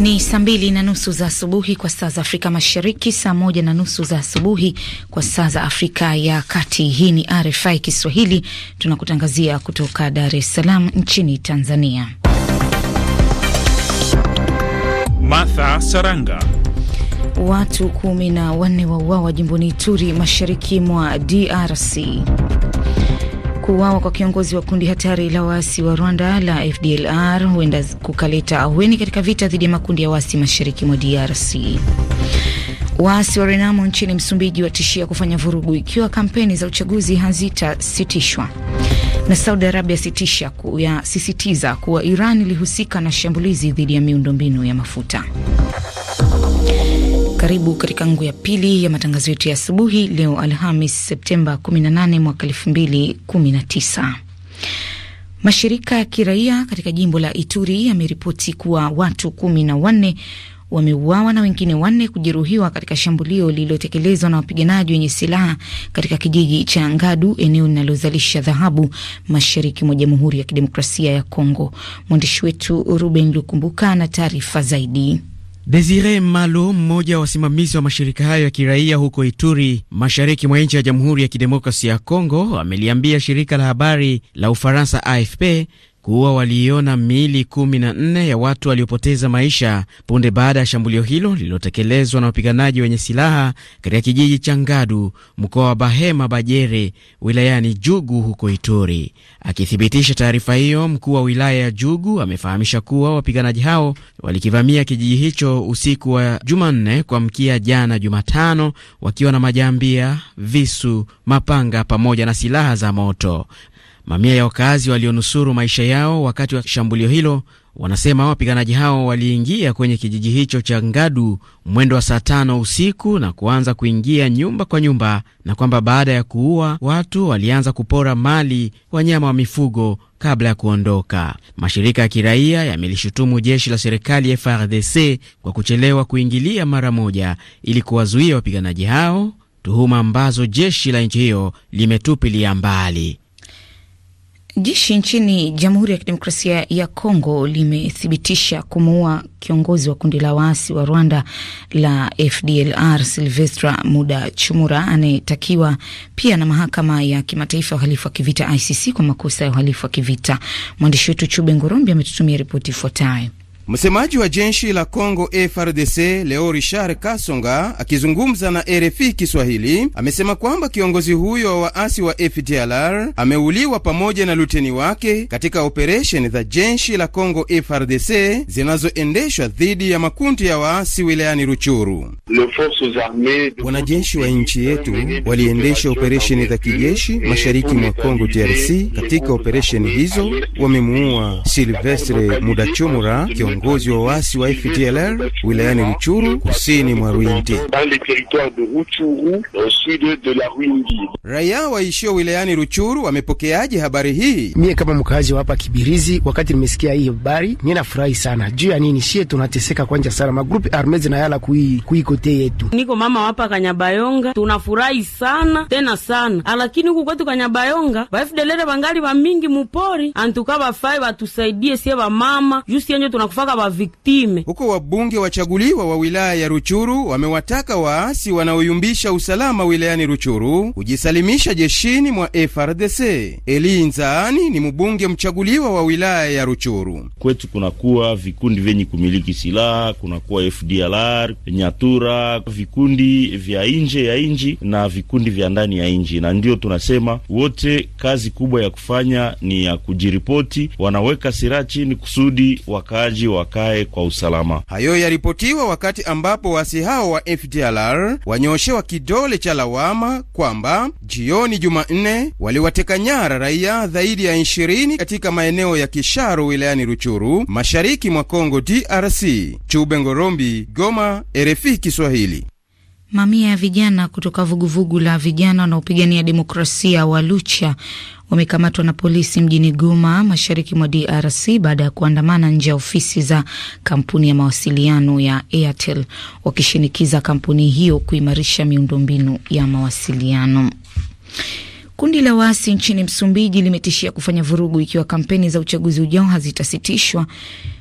Ni saa mbili na nusu za asubuhi kwa saa za Afrika Mashariki, saa moja na nusu za asubuhi kwa saa za Afrika ya Kati. Hii ni RFI Kiswahili, tunakutangazia kutoka Dar es Salaam nchini Tanzania. Martha Saranga. Watu kumi na wanne wauawa jimboni Ituri, mashariki mwa DRC. Kuuawa kwa kiongozi wa kundi hatari la waasi wa Rwanda la FDLR huenda kukaleta ahueni katika vita dhidi ya makundi ya waasi mashariki mwa DRC. Waasi wa Renamo nchini Msumbiji watishia kufanya vurugu ikiwa kampeni za uchaguzi hazitasitishwa. Na Saudi Arabia sitisha kuyasisitiza kuwa Iran ilihusika na shambulizi dhidi ya miundombinu ya mafuta. Karibu katika ngu ya pili ya matangazo yetu ya asubuhi leo Alhamis Septemba 18 mwaka 2019. Mashirika ya kiraia katika jimbo la Ituri yameripoti kuwa watu kumi na wanne wameuawa na wengine wanne kujeruhiwa katika shambulio lililotekelezwa na wapiganaji wenye silaha katika kijiji cha Ngadu, eneo linalozalisha dhahabu mashariki mwa Jamhuri ya Kidemokrasia ya Kongo. Mwandishi wetu Ruben Lukumbuka na taarifa zaidi. Desire Malo, mmoja wa wasimamizi wa mashirika hayo ya kiraia huko Ituri, mashariki mwa nchi ya Jamhuri ya Kidemokrasi ya Kongo, ameliambia shirika la habari la Ufaransa AFP kuwa waliiona miili 14 ya watu waliopoteza maisha punde baada ya shambulio hilo lililotekelezwa na wapiganaji wenye silaha katika kijiji cha Ngadu, mkoa wa Bahema Bajere, wilayani Jugu huko Ituri. Akithibitisha taarifa hiyo, mkuu wa wilaya ya Jugu amefahamisha kuwa wapiganaji hao walikivamia kijiji hicho usiku wa Jumanne kuamkia jana Jumatano, wakiwa na majambia, visu, mapanga pamoja na silaha za moto. Mamia ya wakazi walionusuru maisha yao wakati wa shambulio hilo wanasema wapiganaji hao waliingia kwenye kijiji hicho cha Ngadu mwendo wa saa tano usiku na kuanza kuingia nyumba kwa nyumba, na kwamba baada ya kuua watu walianza kupora mali, wanyama wa mifugo kabla ya kuondoka. Mashirika ya kiraia yamelishutumu jeshi la serikali FRDC kwa kuchelewa kuingilia mara moja ili kuwazuia wapiganaji hao, tuhuma ambazo jeshi la nchi hiyo limetupilia mbali. Jeshi nchini Jamhuri ya Kidemokrasia ya Kongo limethibitisha kumuua kiongozi wa kundi la waasi wa Rwanda la FDLR Silvestra muda chumura anayetakiwa pia na mahakama ya kimataifa ya uhalifu wa kivita ICC kwa makosa ya uhalifu wa kivita. Mwandishi wetu Chube Ngorombi ametutumia ripoti ifuatayo. Msemaji wa jeshi la Congo FRDC leo Richard Kasonga akizungumza na RFI Kiswahili amesema kwamba kiongozi huyo wa waasi wa FDLR ameuliwa pamoja na luteni wake katika operesheni za jeshi la Congo FRDC zinazoendeshwa dhidi ya makundi ya waasi wilayani Ruchuru. Wanajeshi wa nchi yetu waliendesha operesheni za kijeshi mashariki mwa Congo DRC. Katika operesheni hizo wamemuua Silvestre Mudachumura kiongozi wa waasi wa FDLR wilayani Ruchuru, kusini mwa Ruindi. Raia waishio wilayani Ruchuru wamepokeaje habari hii? Mie kama mkazi wa hapa Kibirizi, wakati nimesikia hii habari mie nafurahi sana. Juu ya nini? Shie tunateseka kwanja sana, magrupi arme zinayala kui kui kote yetu. Niko mama hapa Kanyabayonga, tunafurahi sana tena sana, ah, lakini huku kwetu Kanyabayonga ba FDLR bangali ba mingi mupori, antuka bafai batusaidie sie ba mama, jusi enjo tunakufa mpaka baviktime huko. Wabunge wachaguliwa wa wilaya ya Ruchuru wamewataka waasi wanaoyumbisha usalama wilayani Ruchuru kujisalimisha jeshini mwa FRDC. Eli Nzaani ni mbunge mchaguliwa wa wilaya ya Ruchuru. Kwetu kunakuwa vikundi vyenye kumiliki silaha, kunakuwa FDLR, Nyatura, vikundi vya nje ya nji na vikundi vya ndani ya nji, na ndiyo tunasema wote kazi kubwa ya kufanya ni ya kujiripoti, wanaweka silaha chini kusudi wakaaji wa wakae kwa usalama. Hayo yaripotiwa wakati ambapo waasi hao wa FDLR wanyoshewa kidole cha lawama kwamba jioni Jumanne waliwateka nyara raia zaidi ya 20 katika maeneo ya Kisharo wilayani Ruchuru, mashariki mwa congo DRC. Chube Ngorombi, Goma, RFI Kiswahili. Mamia ya vijana kutoka vuguvugu la vijana wanaopigania demokrasia wa Lucha wamekamatwa na polisi mjini Goma, mashariki mwa DRC baada ya kuandamana nje ya ofisi za kampuni ya mawasiliano ya Airtel wakishinikiza kampuni hiyo kuimarisha miundombinu ya mawasiliano. Kundi la waasi nchini Msumbiji limetishia kufanya vurugu ikiwa kampeni za uchaguzi ujao hazitasitishwa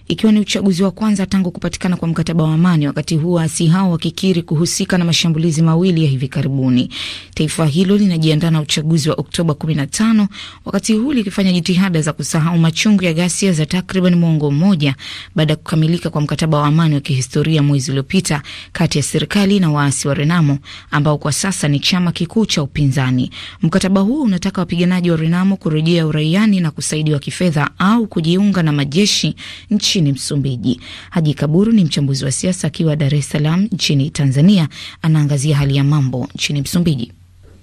ikiwa ni uchaguzi wa kwanza tangu kupatikana kwa mkataba wa amani, wakati huu waasi hao wakikiri kuhusika na mashambulizi mawili ya hivi karibuni. Taifa hilo linajiandaa na uchaguzi wa Oktoba 15 wakati huu likifanya jitihada za kusahau machungu ya ghasia za takriban mwongo mmoja baada ya kukamilika kwa mkataba wa amani wa kihistoria mwezi uliopita kati ya serikali na waasi wa Renamo ambao kwa sasa ni chama kikuu cha upinzani. Mkataba huo unataka wapiganaji wa Renamo kurejea uraiani na kusaidiwa kifedha au kujiunga na majeshi nchi nchini Msumbiji. Haji Kaburu ni mchambuzi wa siasa akiwa Dar es Salaam nchini Tanzania, anaangazia hali ya mambo nchini Msumbiji.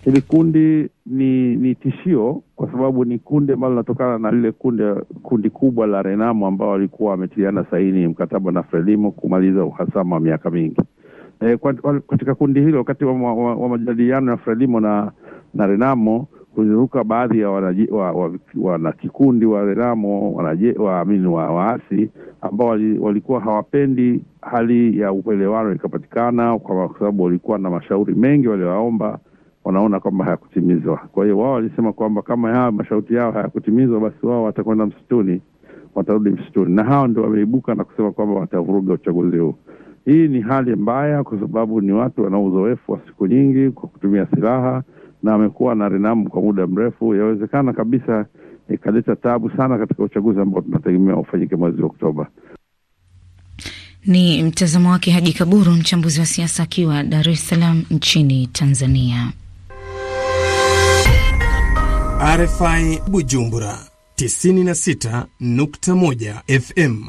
Hili kundi ni ni tishio kwa sababu ni kundi ambalo linatokana na lile kundi kundi kubwa la Renamo ambao walikuwa wametiliana saini mkataba na Frelimo kumaliza uhasama wa miaka mingi. E, katika kundi hilo wakati wa, wa, wa majadiliano ya Frelimo na na Renamo kuzunguka baadhi ya wanakikundi wa, wa, wa Renamo waamini wa waasi ambao walikuwa hawapendi hali ya uelewano ikapatikana, kwa sababu walikuwa na mashauri mengi waliowaomba, wanaona kwamba hayakutimizwa. Kwa hiyo wao walisema kwamba kama haya mashauti yao hayakutimizwa, basi wao watakwenda msituni, watarudi msituni, na hawa ndio wameibuka na kusema kwamba watavuruga uchaguzi huu. Hii ni hali mbaya, kwa sababu ni watu wana uzoefu wa siku nyingi kwa kutumia silaha na amekuwa na renamu kwa muda mrefu, yawezekana kabisa ikaleta tabu sana katika uchaguzi ambao tunategemea ufanyike mwezi wa Oktoba. Ni mtazamo wake Haji Kaburu, mchambuzi wa siasa akiwa Dar es Salaam nchini Tanzania. RFI Bujumbura 96.1 FM.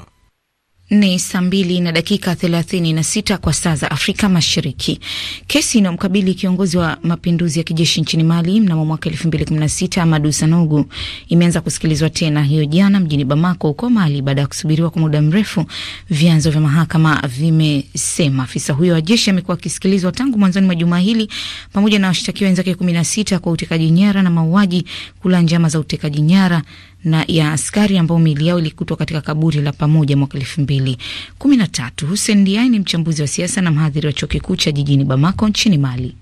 Ni saa mbili na dakika thelathini na sita kwa saa za Afrika Mashariki. Kesi inayomkabili kiongozi wa mapinduzi ya kijeshi nchini Mali mnamo mwaka elfu mbili kumi na sita Amadu Sanogu imeanza kusikilizwa tena hiyo jana mjini Bamako huko Mali, baada ya kusubiriwa kwa muda mrefu, vyanzo vya mahakama vimesema. Afisa huyo wa jeshi amekuwa akisikilizwa tangu mwanzoni mwa juma hili pamoja na washtakiwa wenzake kumi na sita kwa utekaji nyara na mauaji, kula njama za utekaji nyara na ya askari ambao miili yao ilikutwa katika kaburi la pamoja mwaka elfu mbili kumi na tatu. Hussein Diai ni mchambuzi wa siasa na mhadhiri wa chuo kikuu cha jijini Bamako nchini Mali.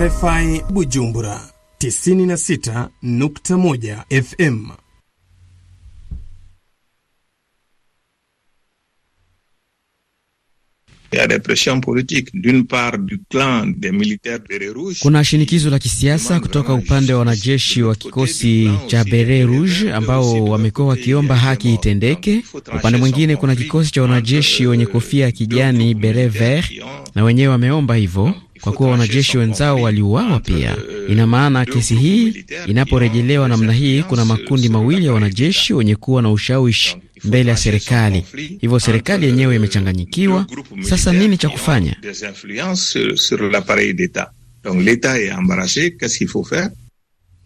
RFI Bujumbura 96.1 FM des pressions politiques d'une part du clan des militaires rouge. Kuna shinikizo la kisiasa kutoka upande wa wanajeshi wa kikosi cha beret rouge ambao wamekuwa wakiomba haki itendeke. Upande mwingine kuna kikosi cha wanajeshi wenye kofia ya kijani beret vert, na wenyewe wameomba hivyo kwa kuwa wanajeshi wenzao waliuawa pia. Ina maana kesi hii inaporejelewa namna hii, kuna makundi mawili ya wanajeshi wenye kuwa na ushawishi mbele ya serikali, hivyo serikali yenyewe imechanganyikiwa. Sasa nini cha kufanya?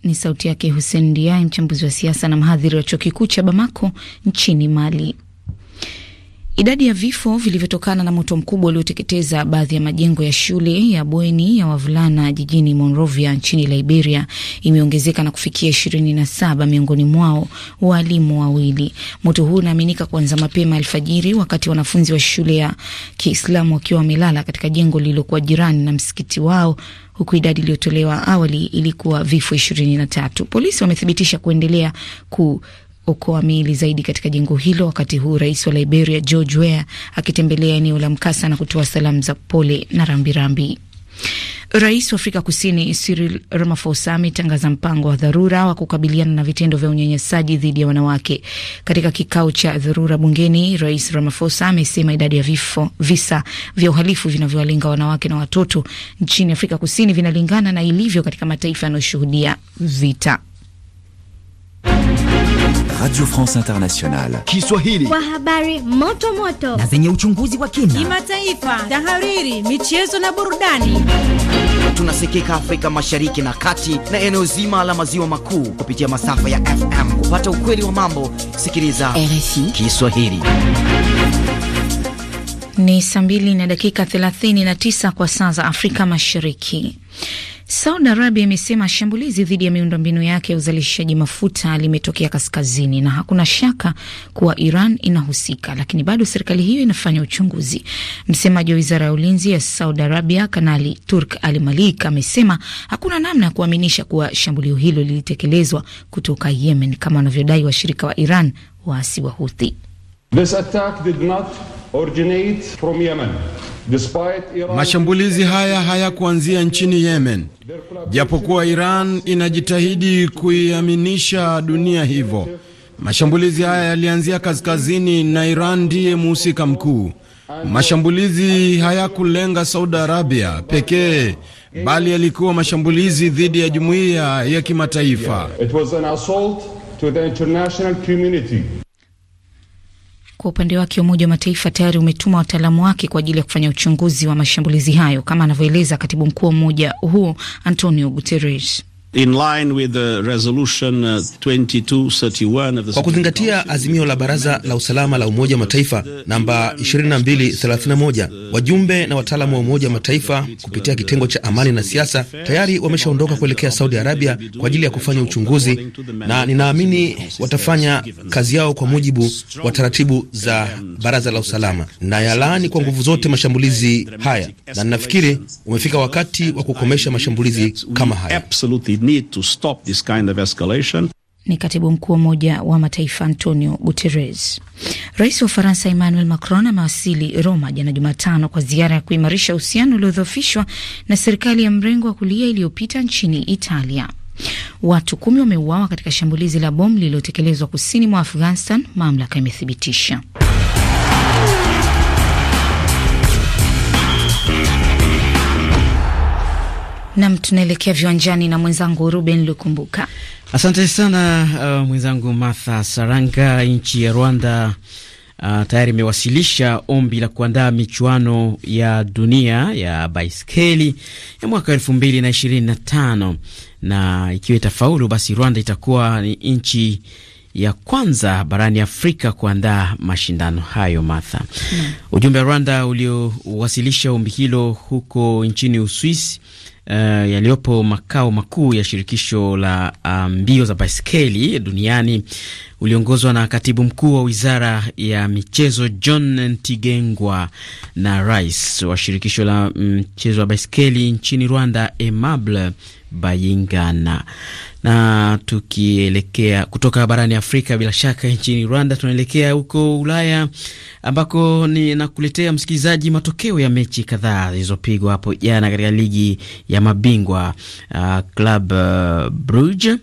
Ni sauti yake Hussein Diaye, mchambuzi wa siasa na mhadhiri wa chuo kikuu cha Bamako nchini Mali. Idadi ya vifo vilivyotokana na moto mkubwa ulioteketeza baadhi ya majengo ya shule ya bweni ya wavulana jijini Monrovia nchini Liberia imeongezeka na kufikia ishirini na saba, miongoni mwao walimu wawili. Moto huu unaaminika kuanza mapema alfajiri, wakati wanafunzi wa shule ya Kiislamu wakiwa wamelala katika jengo lililokuwa jirani na msikiti wao huku idadi iliyotolewa awali ilikuwa vifo ishirini na tatu. Polisi wamethibitisha kuendelea ku kuokoa miili zaidi katika jengo hilo, wakati huu rais wa Liberia George Weah akitembelea eneo la mkasa na kutoa salamu za pole na rambirambi. rambi. Rais wa Afrika Kusini Cyril Ramaphosa ametangaza mpango wa dharura wa kukabiliana na vitendo vya unyanyasaji dhidi ya wanawake. Katika kikao cha dharura bungeni, Rais Ramaphosa amesema idadi ya vifo, visa vya uhalifu vinavyowalenga wanawake na watoto nchini Afrika Kusini vinalingana na ilivyo katika mataifa yanayoshuhudia vita. Radio France Internationale Kiswahili kwa habari moto moto na zenye uchunguzi wa kina, kimataifa, tahariri, michezo na burudani. Tunasikika Afrika Mashariki na Kati na eneo zima la maziwa makuu kupitia masafa ya FM. Kupata ukweli wa mambo, sikiliza RFI Kiswahili. Ni saa mbili na dakika 39 kwa saa za Afrika Mashariki. Saudi Arabia imesema shambulizi dhidi ya miundombinu yake ya uzalishaji mafuta limetokea kaskazini na hakuna shaka kuwa Iran inahusika, lakini bado serikali hiyo inafanya uchunguzi. Msemaji wa wizara ya ulinzi ya Saudi Arabia, Kanali Turk Al Malik, amesema hakuna namna ya kuaminisha kuwa shambulio hilo lilitekelezwa kutoka Yemen kama wanavyodai washirika wa Iran, waasi wa Houthi. Mashambulizi haya hayakuanzia nchini Yemen, japokuwa Iran inajitahidi kuiaminisha dunia hivyo. Mashambulizi haya yalianzia kaskazini na Iran ndiye mhusika mkuu. Mashambulizi hayakulenga Saudi Arabia pekee, bali yalikuwa mashambulizi dhidi ya jumuiya ya kimataifa. Kwa upande wake Umoja wa Mataifa tayari umetuma wataalamu wake kwa ajili ya kufanya uchunguzi wa mashambulizi hayo, kama anavyoeleza katibu mkuu wa umoja huo Antonio Guterres. In line with the resolution 2231 uh, of kwa kuzingatia azimio la Baraza la Usalama la Umoja wa Mataifa namba 2231, wajumbe na wataalamu wa Umoja wa Mataifa kupitia kitengo cha amani na siasa tayari wameshaondoka kuelekea Saudi Arabia kwa ajili ya kufanya uchunguzi, na ninaamini watafanya kazi yao kwa mujibu wa taratibu za Baraza la Usalama. Na yalaani kwa nguvu zote mashambulizi haya, na ninafikiri umefika wakati wa kukomesha mashambulizi kama haya need to stop this kind of escalation. Ni katibu mkuu wa Umoja wa Mataifa Antonio Guterres. Rais wa Faransa Emmanuel Macron amewasili Roma jana Jumatano kwa ziara ya kuimarisha uhusiano uliodhoofishwa na serikali ya mrengo wa kulia iliyopita nchini Italia. Watu kumi wameuawa katika shambulizi la bomu lililotekelezwa kusini mwa Afghanistan, mamlaka imethibitisha. Nam, tunaelekea viwanjani na mwenzangu Ruben Lukumbuka. Asante sana uh, mwenzangu Martha Saranga. Nchi ya Rwanda uh, tayari imewasilisha ombi la kuandaa michuano ya dunia ya baiskeli ya mwaka elfu mbili na ishirini na tano na ikiwa itafaulu, basi Rwanda itakuwa ni nchi ya kwanza barani Afrika kuandaa mashindano hayo. Martha, ujumbe wa Rwanda uliowasilisha ombi hilo huko nchini Uswisi Uh, yaliyopo makao makuu ya shirikisho la ah, mbio um, za baiskeli duniani uliongozwa na katibu mkuu wa wizara ya michezo John Ntigengwa na rais wa shirikisho la mm, mchezo wa baiskeli nchini Rwanda Aimable Bayingana. Na tukielekea kutoka barani Afrika, bila shaka nchini Rwanda, tunaelekea huko Ulaya ambako ninakuletea msikilizaji, matokeo ya mechi kadhaa zilizopigwa hapo jana katika ligi ya mabingwa uh, Club uh, Brugge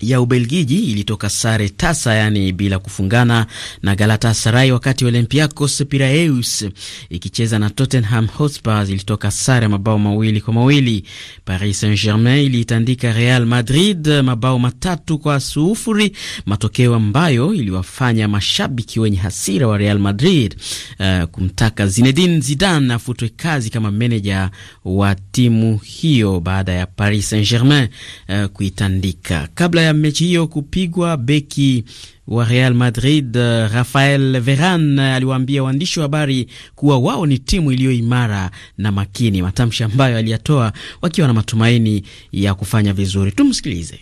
ya Ubelgiji ilitoka sare tasa, yani bila kufungana na Galatasaray, wakati Olympiacos Piraeus ikicheza na Tottenham Hotspur ilitoka sare mabao mawili kwa mawili. Paris Saint-Germain iliitandika Real Madrid mabao matatu kwa sufuri, matokeo ambayo iliwafanya mashabiki wenye hasira wa Real Madrid uh, kumtaka Zinedine Zidane afutwe kazi kama meneja wa timu hiyo baada ya Paris Saint-Germain uh, kuitandika kabla ya mechi hiyo kupigwa, beki wa Real Madrid eh, Rafael Varane eh, aliwaambia waandishi wa habari kuwa wao ni timu iliyo imara na makini, matamshi ambayo aliyatoa wakiwa na matumaini ya kufanya vizuri. Tumsikilize.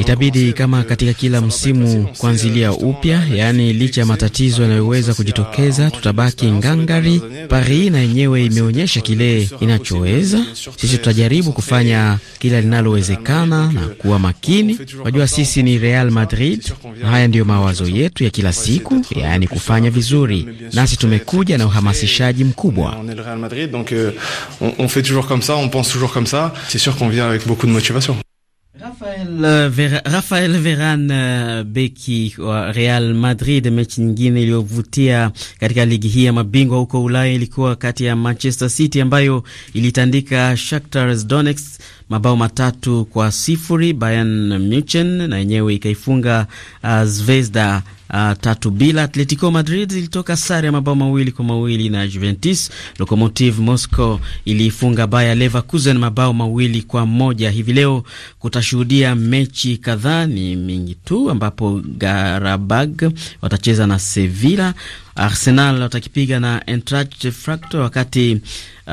Itabidi euh, kama katika kila msimu kuanzilia euh, upya, yaani licha ya matatizo yanayoweza kujitokeza, tutabaki ngangari. Paris na yenyewe imeonyesha kile inachoweza. Sisi tutajaribu kufanya kila linalowezekana na kuwa euh, makini. Wajua, sisi ni Real Madrid, na haya ndiyo mawazo yetu ya kila siku, yaani kufanya vizuri, nasi tumekuja na uhamasishaji mkubwa. sûr qu'on vient avec beaucoup de motivation. Rafael euh, Veran euh, beki Real Madrid, mechi nyingine iliyovutia katika ligi hii ya mabingwa huko Ulaya ilikuwa kati ya Manchester City ambayo ilitandika Shakhtar Donetsk mabao matatu kwa sifuri. Bayern Munchen na yenyewe ikaifunga uh, Zvezda Uh, tatu bila. Atletico Madrid ilitoka sare ya mabao mawili kwa mawili na Juventus. Lokomotiv Moscow iliifunga Bayer Leverkusen mabao mawili kwa moja. Hivi leo kutashuhudia mechi kadhaa, ni mingi tu, ambapo Garabag watacheza na Sevilla Arsenal watakipiga na Eintracht Frankfurt, wakati uh,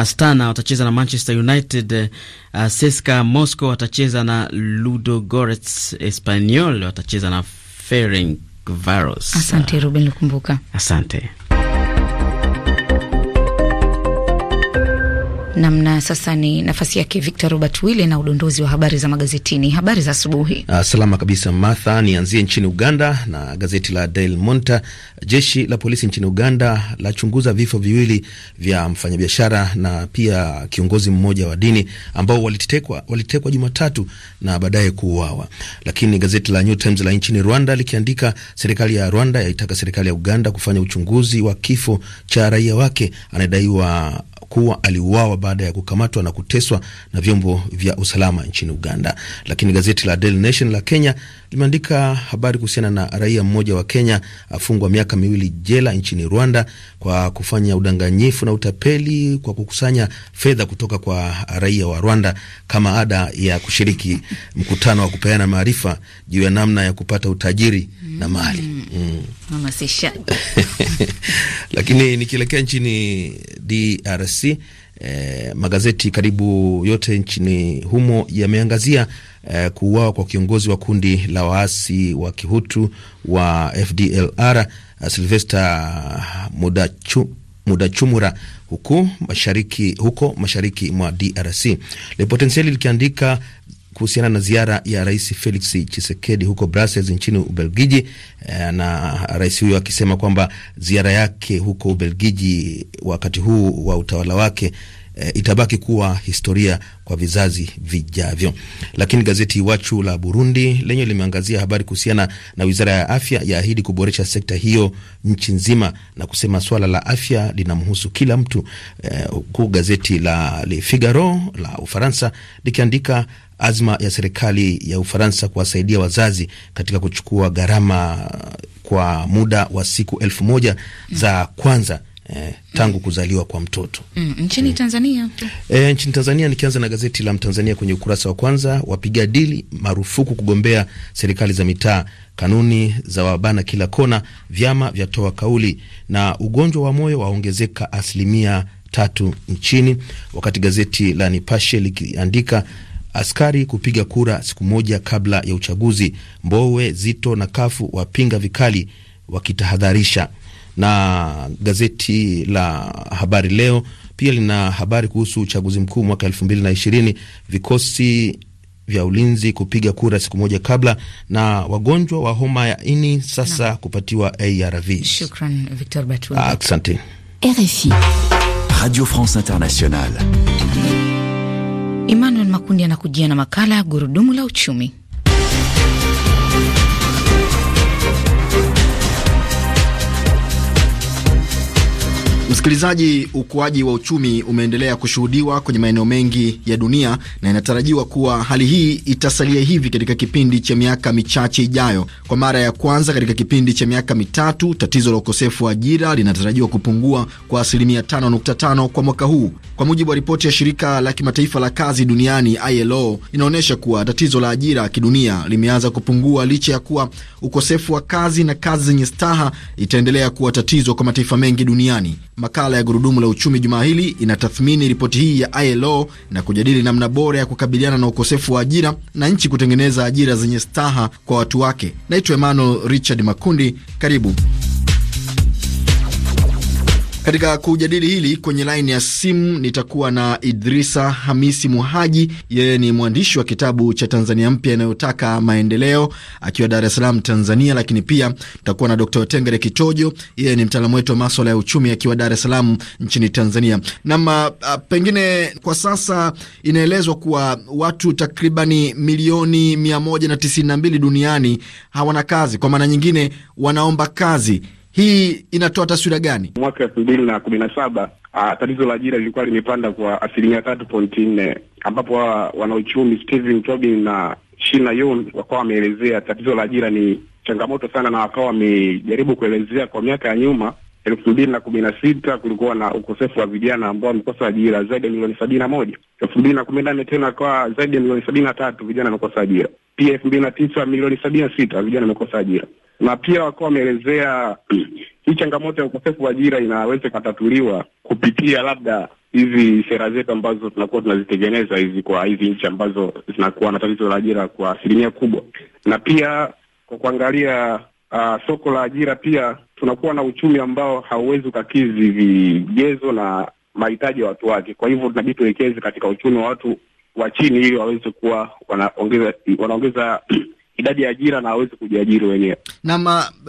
Astana watacheza na Manchester United. Uh, CSKA Moscow watacheza na Ludogorets. Espanyol watacheza na Ferencvaros. Asante Ruben Lukumbuka, asante. Namna sasa ni nafasi yake Victor Robert Wille na udondozi wa habari za magazetini. Habari za asubuhi. Uh, salama kabisa Martha, nianzie nchini Uganda na gazeti la Daily Monitor. Jeshi la polisi nchini Uganda lachunguza vifo viwili vya mfanyabiashara na pia kiongozi mmoja wa dini ambao walitekwa walitekwa Jumatatu na baadaye kuuawa. Lakini gazeti la New Times la nchini Rwanda likiandika, serikali ya Rwanda yaitaka serikali ya Uganda kufanya uchunguzi wa kifo cha raia wake anadaiwa kuwa aliuawa baada ya kukamatwa na kuteswa na vyombo vya usalama nchini Uganda. Lakini gazeti la Daily Nation la Kenya limeandika habari kuhusiana na raia mmoja wa Kenya afungwa miaka miwili jela nchini Rwanda kwa kufanya udanganyifu na utapeli kwa kukusanya fedha kutoka kwa raia wa Rwanda kama ada ya kushiriki mkutano wa kupeana maarifa juu ya namna ya kupata utajiri mm, na mali mm. Lakini nikielekea nchini DRC eh, magazeti karibu yote nchini humo yameangazia eh, kuuawa kwa kiongozi wa kundi la waasi wa kihutu wa FDLR eh, Sylvester Mudachu, Mudachumura huku mashariki, huko mashariki mwa DRC. Le Potentiel likiandika kuhusiana na ziara ya Rais Felix Chisekedi huko Brussels nchini Ubelgiji, eh, na rais huyo akisema kwamba ziara yake huko Ubelgiji wakati huu wa utawala wake E, itabaki kuwa historia kwa vizazi vijavyo. Lakini gazeti Iwachu la Burundi lenyewe limeangazia habari kuhusiana na wizara ya afya yaahidi kuboresha sekta hiyo nchi nzima na kusema swala la afya linamhusu kila mtu, eh, huku e, gazeti la Le Figaro la Ufaransa likiandika azma ya serikali ya Ufaransa kuwasaidia wazazi katika kuchukua gharama kwa muda wa siku elfu moja mm. za kwanza eh, tangu mm. kuzaliwa kwa mtoto mm. nchini mm. Tanzania eh, nchini Tanzania, nikianza na gazeti la Mtanzania kwenye ukurasa wa kwanza, wapiga dili marufuku kugombea serikali za mitaa, kanuni za wabana kila kona, vyama vyatoa kauli, na ugonjwa wa moyo waongezeka asilimia tatu nchini. Wakati gazeti la Nipashe likiandika askari kupiga kura siku moja kabla ya uchaguzi. Mbowe, Zito na Kafu wapinga vikali wakitahadharisha. Na gazeti la Habari Leo pia lina habari kuhusu uchaguzi mkuu mwaka elfu mbili na ishirini vikosi vya ulinzi kupiga kura siku moja kabla, na wagonjwa wa homa ya ini sasa na kupatiwa ARV. Shukran, Victor Batu. Asante. RFI Radio France Internationale. Emmanuel Makundi anakujia na makala ya gurudumu la uchumi. Msikilizaji, ukuaji wa uchumi umeendelea kushuhudiwa kwenye maeneo mengi ya dunia na inatarajiwa kuwa hali hii itasalia hivi katika kipindi cha miaka michache ijayo. Kwa mara ya kwanza katika kipindi cha miaka mitatu, tatizo la ukosefu wa ajira linatarajiwa kupungua kwa asilimia 5.5 kwa mwaka huu, kwa mujibu wa ripoti ya shirika la kimataifa la kazi duniani ILO. Inaonyesha kuwa tatizo la ajira kidunia limeanza kupungua licha ya kuwa ukosefu wa kazi na kazi zenye staha itaendelea kuwa tatizo kwa mataifa mengi duniani. Makala ya Gurudumu la Uchumi jumaa hili inatathmini ripoti hii ya ILO na kujadili namna bora ya kukabiliana na ukosefu wa ajira na nchi kutengeneza ajira zenye staha kwa watu wake. Naitwa Emmanuel Richard Makundi, karibu. Katika kujadili hili kwenye laini ya simu nitakuwa na Idrisa Hamisi Muhaji. Yeye ni mwandishi wa kitabu cha Tanzania Mpya inayotaka maendeleo akiwa Dar es Salaam, Tanzania, lakini pia tutakuwa na Dr Tengere Kitojo. Yeye ni mtaalamu wetu wa maswala ya uchumi akiwa Dar es Salaam nchini Tanzania. Nam, uh, uh, pengine kwa sasa inaelezwa kuwa watu takribani milioni mia moja na tisini na mbili duniani hawana kazi, kwa maana nyingine wanaomba kazi hii inatoa taswira gani? Mwaka elfu mbili na kumi na saba ah, tatizo la ajira lilikuwa limepanda kwa asilimia tatu pointi nne ambapo hawa wanauchumi Stephen Tobin na Shina Yun wakawa wameelezea tatizo la ajira ni changamoto sana, na wakawa wamejaribu kuelezea kwa miaka ya nyuma elfu mbili na kumi na sita kulikuwa na ukosefu wa vijana ambao wamekosa ajira zaidi ya milioni sabini na moja elfu mbili na kumi na nne tena akawa zaidi ya milioni sabini na tatu vijana wamekosa ajira pia elfu mbili na tisa milioni sabini na sita vijana wamekosa ajira na pia wakuwa wameelezea hii changamoto ya ukosefu wa ajira inaweza ikatatuliwa kupitia labda hizi sera zetu ambazo tunakuwa tunazitengeneza hizi kwa hizi nchi ambazo zinakuwa na tatizo la ajira kwa asilimia kubwa, na pia kwa kuangalia uh, soko la ajira, pia tunakuwa na uchumi ambao hauwezi ukakizi vigezo na mahitaji ya watu wake. Kwa hivyo tunabidi tuwekeze katika uchumi wa watu wa chini ili waweze kuwa wanaongeza wanaongeza idadi ya ajira na hawezi kujiajiri wenyewe. Naam,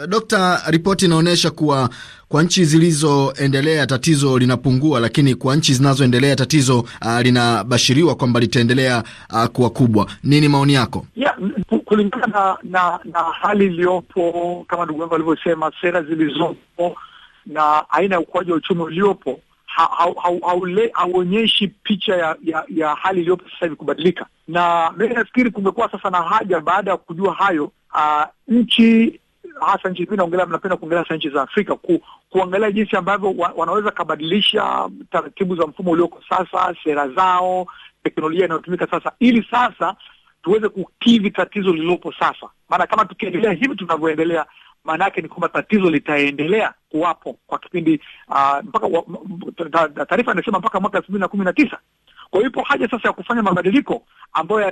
Dokta, ripoti inaonyesha kuwa kwa nchi zilizoendelea tatizo linapungua, lakini kwa nchi zinazoendelea tatizo uh, linabashiriwa kwamba litaendelea uh, kuwa kubwa. Nini maoni yako? Yeah, kulingana na, na, na hali iliyopo, kama ndugu yangu alivyosema, sera zilizopo na aina ya ukuaji wa uchumi uliopo hauonyeshi picha ya, ya, ya hali iliyopo sasa hivi kubadilika, na mi nafikiri kumekuwa sasa na haja baada ya kujua hayo uh, nchi hasa nchi mi naongelea napenda kuongelea hasa nchi za Afrika ku, kuangalia jinsi ambavyo wa, wanaweza kabadilisha taratibu za mfumo ulioko sasa, sera zao, teknolojia inayotumika sasa, ili sasa tuweze kukidhi tatizo lililopo sasa, maana kama tukiendelea hivi tunavyoendelea maana yake ni kwamba tatizo litaendelea kuwapo kwa kipindi ah, mpaka taarifa inasema mpaka mwaka elfu mbili na kumi na tisa. Kwa hiyo ipo haja sasa ya kufanya mabadiliko ambayo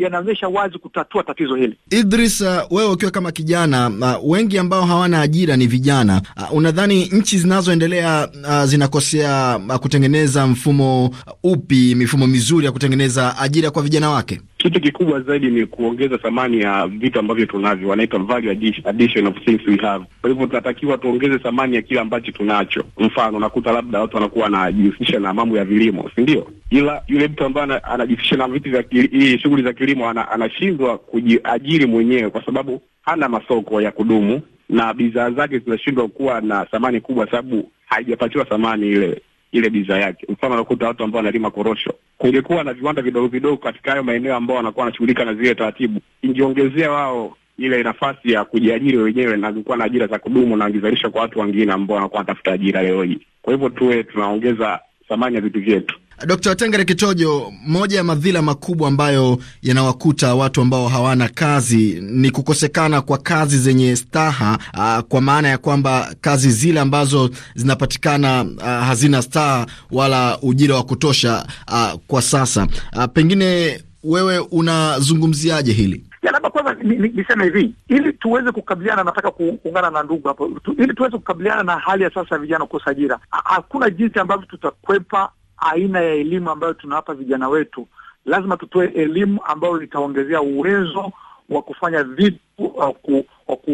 yanaonyesha yana wazi kutatua tatizo hili. Idris, uh, wewe ukiwa kama kijana uh, wengi ambao hawana ajira ni vijana uh, unadhani nchi zinazoendelea uh, zinakosea uh, kutengeneza mfumo upi, mifumo mizuri ya kutengeneza ajira kwa vijana wake? Kitu kikubwa zaidi ni kuongeza thamani ya vitu ambavyo tunavyo, wanaita value addition of things we have. Kwa hivyo tunatakiwa tuongeze thamani ya kile ambacho tunacho. Mfano, unakuta labda watu wanakuwa wanajihusisha na mambo ya vilimo, si ndio? Ila yule mtu ambaye anajihusisha na vitu vya hii shughuli za kilimo ana, anashindwa kujiajiri mwenyewe kwa sababu hana masoko ya kudumu na bidhaa zake zinashindwa kuwa na thamani kubwa, sababu haijapatiwa thamani ile ile bidhaa yake. Mfano, unakuta watu ambao wanalima korosho, kungekuwa na viwanda vidogo vidogo katika hayo maeneo ambao wanakuwa wanashughulika na zile taratibu, ingeongezea wao ile nafasi ya kujiajiri wenyewe na kuwa na ajira za kudumu na angizalisha kwa watu wengine ambao wanakuwa wanatafuta ajira leo hii. Kwa hivyo tuwe tunaongeza thamani ya vitu vyetu. Dkt. Tengere Kitojo, moja ya madhila makubwa ambayo yanawakuta watu ambao hawana kazi ni kukosekana kwa kazi zenye staha a, ah, kwa maana ya kwamba kazi zile ambazo zinapatikana a, ah, hazina staha wala ujira wa kutosha a, ah, kwa sasa a, pengine wewe unazungumziaje hili? Labda kwanza niseme hivi, ili tuweze kukabiliana, nataka kuungana na ndugu hapo tu, ili tuweze kukabiliana na hali ya sasa ya vijana kukosa ajira, hakuna jinsi ambavyo tutakwepa aina ya elimu ambayo tunawapa vijana wetu. Lazima tutoe elimu ambayo itaongezea uwezo wa kufanya vitu,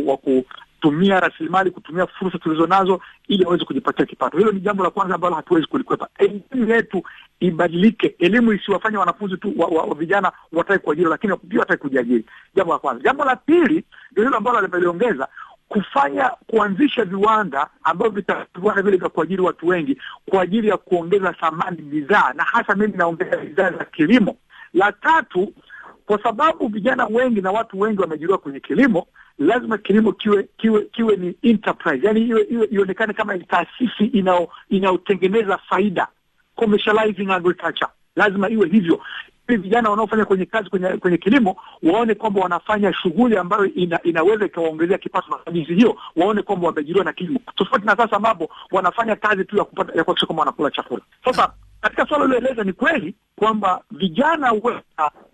wa kutumia rasilimali, kutumia fursa tulizo nazo ili aweze kujipatia kipato. Hilo ni jambo la kwanza ambalo hatuwezi kulikwepa. Elimu yetu ibadilike, elimu isiwafanye wanafunzi tu wa, wa, wa vijana watake kuajiri, lakini pia watake kujiajiri. Jambo la kwanza. Jambo la pili ndio hilo ambalo alivyoongeza kufanya kuanzisha viwanda ambavyo vitaviwanda vile vya kuajiri watu wengi kwa ajili ya kuongeza thamani bidhaa, na hasa mimi naongeza bidhaa za kilimo. La tatu, kwa sababu vijana wengi na watu wengi wameajiriwa kwenye kilimo, lazima kilimo kiwe kiwe kiwe ni enterprise, yani iwe ionekane kama ni taasisi inayotengeneza faida, commercializing agriculture lazima iwe hivyo ili vijana wanaofanya kwenye kazi kwenye, kwenye kilimo waone kwamba wanafanya shughuli ambayo ina, inaweza ikawaongezea kipato na jinsi hiyo waone kwamba wameajiriwa na kilimo, tofauti na sasa ambapo wanafanya kazi tu ya kupata ya kuhakikisha kwamba wanakula chakula. Sasa katika swala ulioeleza, ni kweli kwamba vijana wa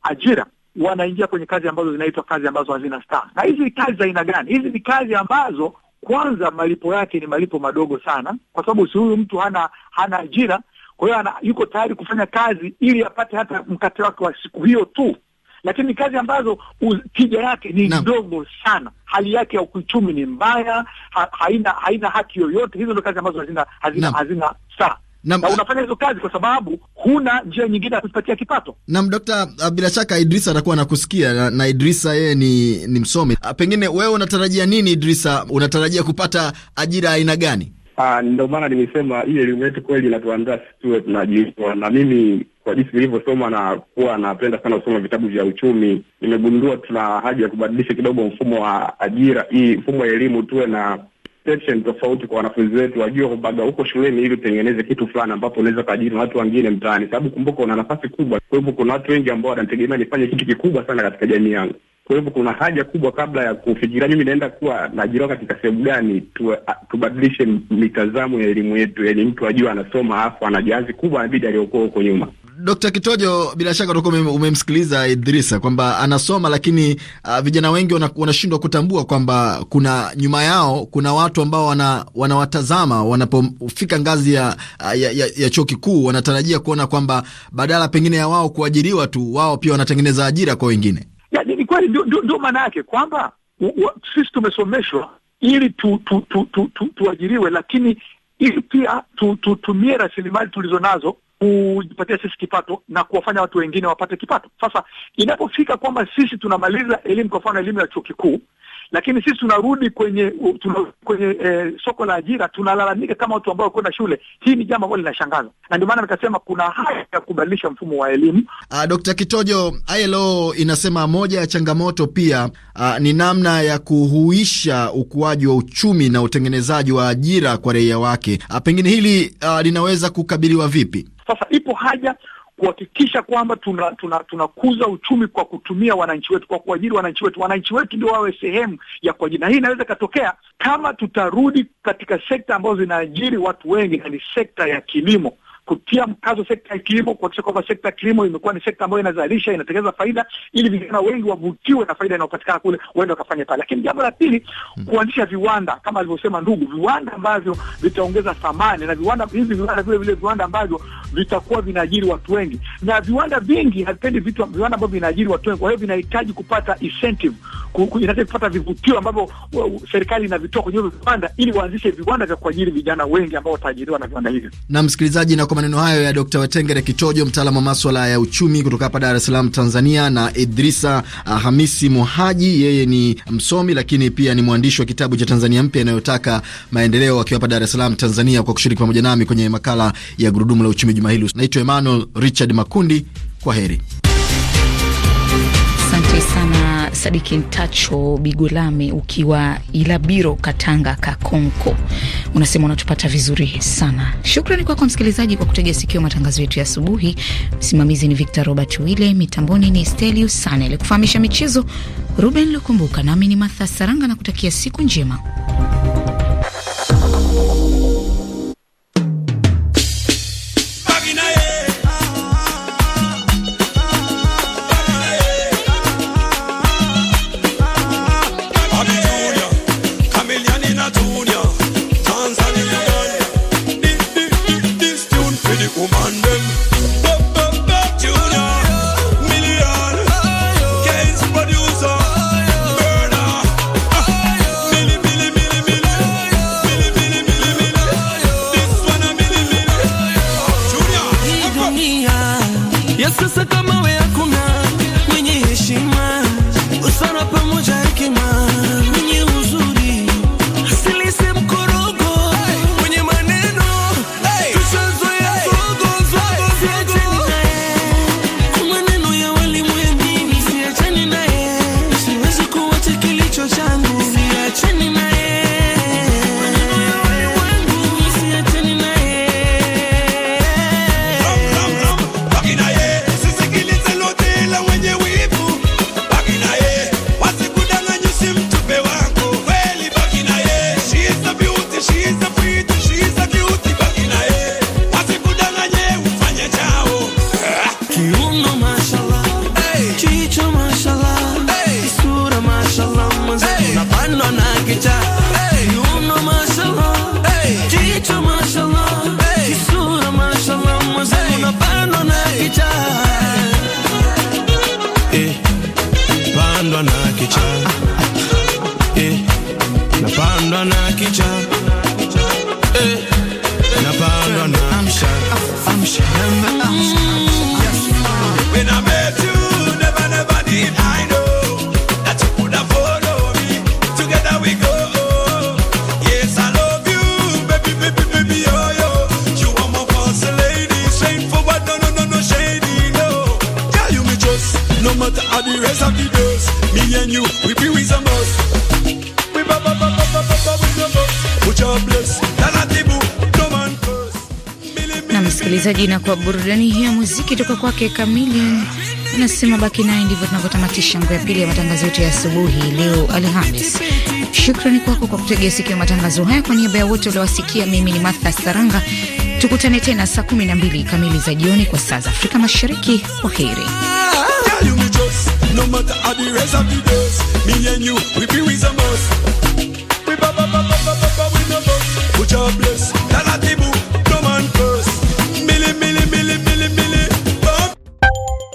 ajira wanaingia kwenye kazi ambazo zinaitwa kazi ambazo hazina staa. Na hizi ni kazi za aina gani? Hizi ni kazi ambazo kwanza malipo yake ni malipo madogo sana, kwa sababu si huyu mtu hana hana ajira kwa hiyo yuko tayari kufanya kazi ili apate hata mkate wake wa siku hiyo tu, lakini kazi ambazo tija yake ni ndogo sana, hali yake ya kiuchumi ni mbaya, ha, haina haina haki yoyote. Hizo ndo kazi ambazo hazina hazina, hazina saa na, na unafanya hizo kazi kwa sababu huna njia nyingine ya kujipatia kipato. Naam, Dokta, uh, bila shaka Idrisa atakuwa anakusikia na, na Idrisa yeye ni, ni msomi. Uh, pengine wewe unatarajia nini Idrisa? Unatarajia kupata ajira aina gani? Ah, ndio maana nimesema hii elimu yetu kweli inatuandaa sisi tuwe tunajiua, na mimi kwa jinsi nilivyosoma na kuwa napenda sana kusoma vitabu vya uchumi, nimegundua tuna haja ya kubadilisha kidogo mfumo wa ajira hii, mfumo wa elimu, tuwe na section tofauti kwa wanafunzi wetu, wajue kwamba huko shuleni ili utengeneze kitu fulani ambapo unaweza kuajiri watu wengine mtaani, sababu kumbuka, una nafasi kubwa. Kwa hivyo kuna watu wengi ambao wanategemea nifanye kitu kikubwa sana katika jamii yangu. Kwa hivyo kuna haja kubwa, kabla ya kufikiria mimi naenda kuwa naajiriwa katika sehemu gani, tubadilishe mitazamo ya elimu yetu, yaani mtu ajue anasoma afu ana jazi kubwa anabidi aliokuwa huko nyuma. Dokta Kitojo, bila shaka utakuwa umemsikiliza Idrisa kwamba anasoma lakini, uh, vijana wengi wanashindwa kutambua kwamba kuna nyuma yao kuna watu ambao wana, wanawatazama wanapofika ngazi ya, ya, ya, ya chuo kikuu, wanatarajia kuona kwamba badala pengine ya wao kuajiriwa tu, wao pia wanatengeneza ajira kwa wengine yaani ni kweli, ndio maana yake kwamba sisi tumesomeshwa ili tu, tu, tu, tu, tu, tuajiriwe, lakini ili pia tutumie tu, rasilimali tulizo nazo kujipatia sisi kipato na kuwafanya watu wengine wapate kipato. Sasa inapofika kwamba sisi tunamaliza elimu, kwa mfano elimu ya chuo kikuu lakini sisi tunarudi kwenye tuna, kwenye eh, soko la ajira tunalalamika kama watu ambao kwenda shule. Hii ni jambo ambalo linashangaza, na ndio maana nikasema kuna haja ya kubadilisha mfumo wa elimu. Uh, ah, Dr. Kitojo, ILO inasema moja ya changamoto pia uh, ni namna ya kuhuisha ukuaji wa uchumi na utengenezaji wa ajira kwa raia wake. Uh, pengine hili uh, linaweza kukabiliwa vipi? Sasa ipo haja kuhakikisha kwamba tunakuza tuna, tuna uchumi kwa kutumia wananchi wetu, kwa kuajiri wananchi wetu. Wananchi wetu ndio wawe sehemu ya kuajiri, na hii inaweza ikatokea kama tutarudi katika sekta ambazo zinaajiri watu wengi, na ni sekta ya kilimo kutia mkazo sekta ya kilimo, kuhakikisha kwamba sekta ya kilimo imekuwa ni sekta ambayo inazalisha, inatengeneza faida, ili vijana wengi wavutiwe na faida inayopatikana kule, waende wakafanya pale. Lakini jambo la pili, hmm. kuanzisha viwanda kama alivyosema ndugu, viwanda ambavyo vitaongeza thamani na viwanda hivi, viwanda vile vile, viwanda ambavyo vitakuwa vinaajiri watu wengi, na viwanda vingi havipendi vitu, viwanda ambavyo vinaajiri watu wengi, kwa hiyo vinahitaji kupata incentive inataka kupata vivutio ambavyo serikali inavitoa kwenye viwanda ili waanzishe viwanda vya kuajiri vijana wengi ambao wataajiriwa na viwanda hivyo. Na msikilizaji, na kwa maneno hayo ya Dr. Watengere Kitojo, mtaalamu wa maswala ya uchumi kutoka hapa Dar es Salaam, Tanzania, na Idrisa ah, Hamisi muhaji yeye ni msomi lakini pia ni mwandishi wa kitabu cha Tanzania Mpya inayotaka maendeleo, akiwa hapa Dar es Salaam, Tanzania, kwa kushiriki pamoja nami kwenye makala ya Gurudumu la Uchumi juma hili. Naitwa Emmanuel Richard Makundi, kwa heri. Sadiki Mtacho bigulame ukiwa Ilabiro, Katanga, Kakonko, unasema unatupata vizuri sana. Shukrani kwako msikilizaji kwa kutega sikio matangazo yetu ya asubuhi. Msimamizi ni Victor Robert Wille, mitamboni ni Stelius Sana, alikufahamisha michezo Ruben Lukumbuka, nami ni matha Saranga na kutakia siku njema. msikilizaji, na kwa burudani hiyo ya muziki toka kwake kamili anasema baki naye. Ndivyo tunavyotamatisha nguo ya pili ya matangazo yetu ya asubuhi leo Alhamis. Shukrani kwako kwa kutegea sikio matangazo haya. Kwa niaba ya wote uliowasikia, mimi ni Martha Saranga. Tukutane tena saa 12 kamili za jioni kwa saa za Afrika Mashariki. Kwa heri.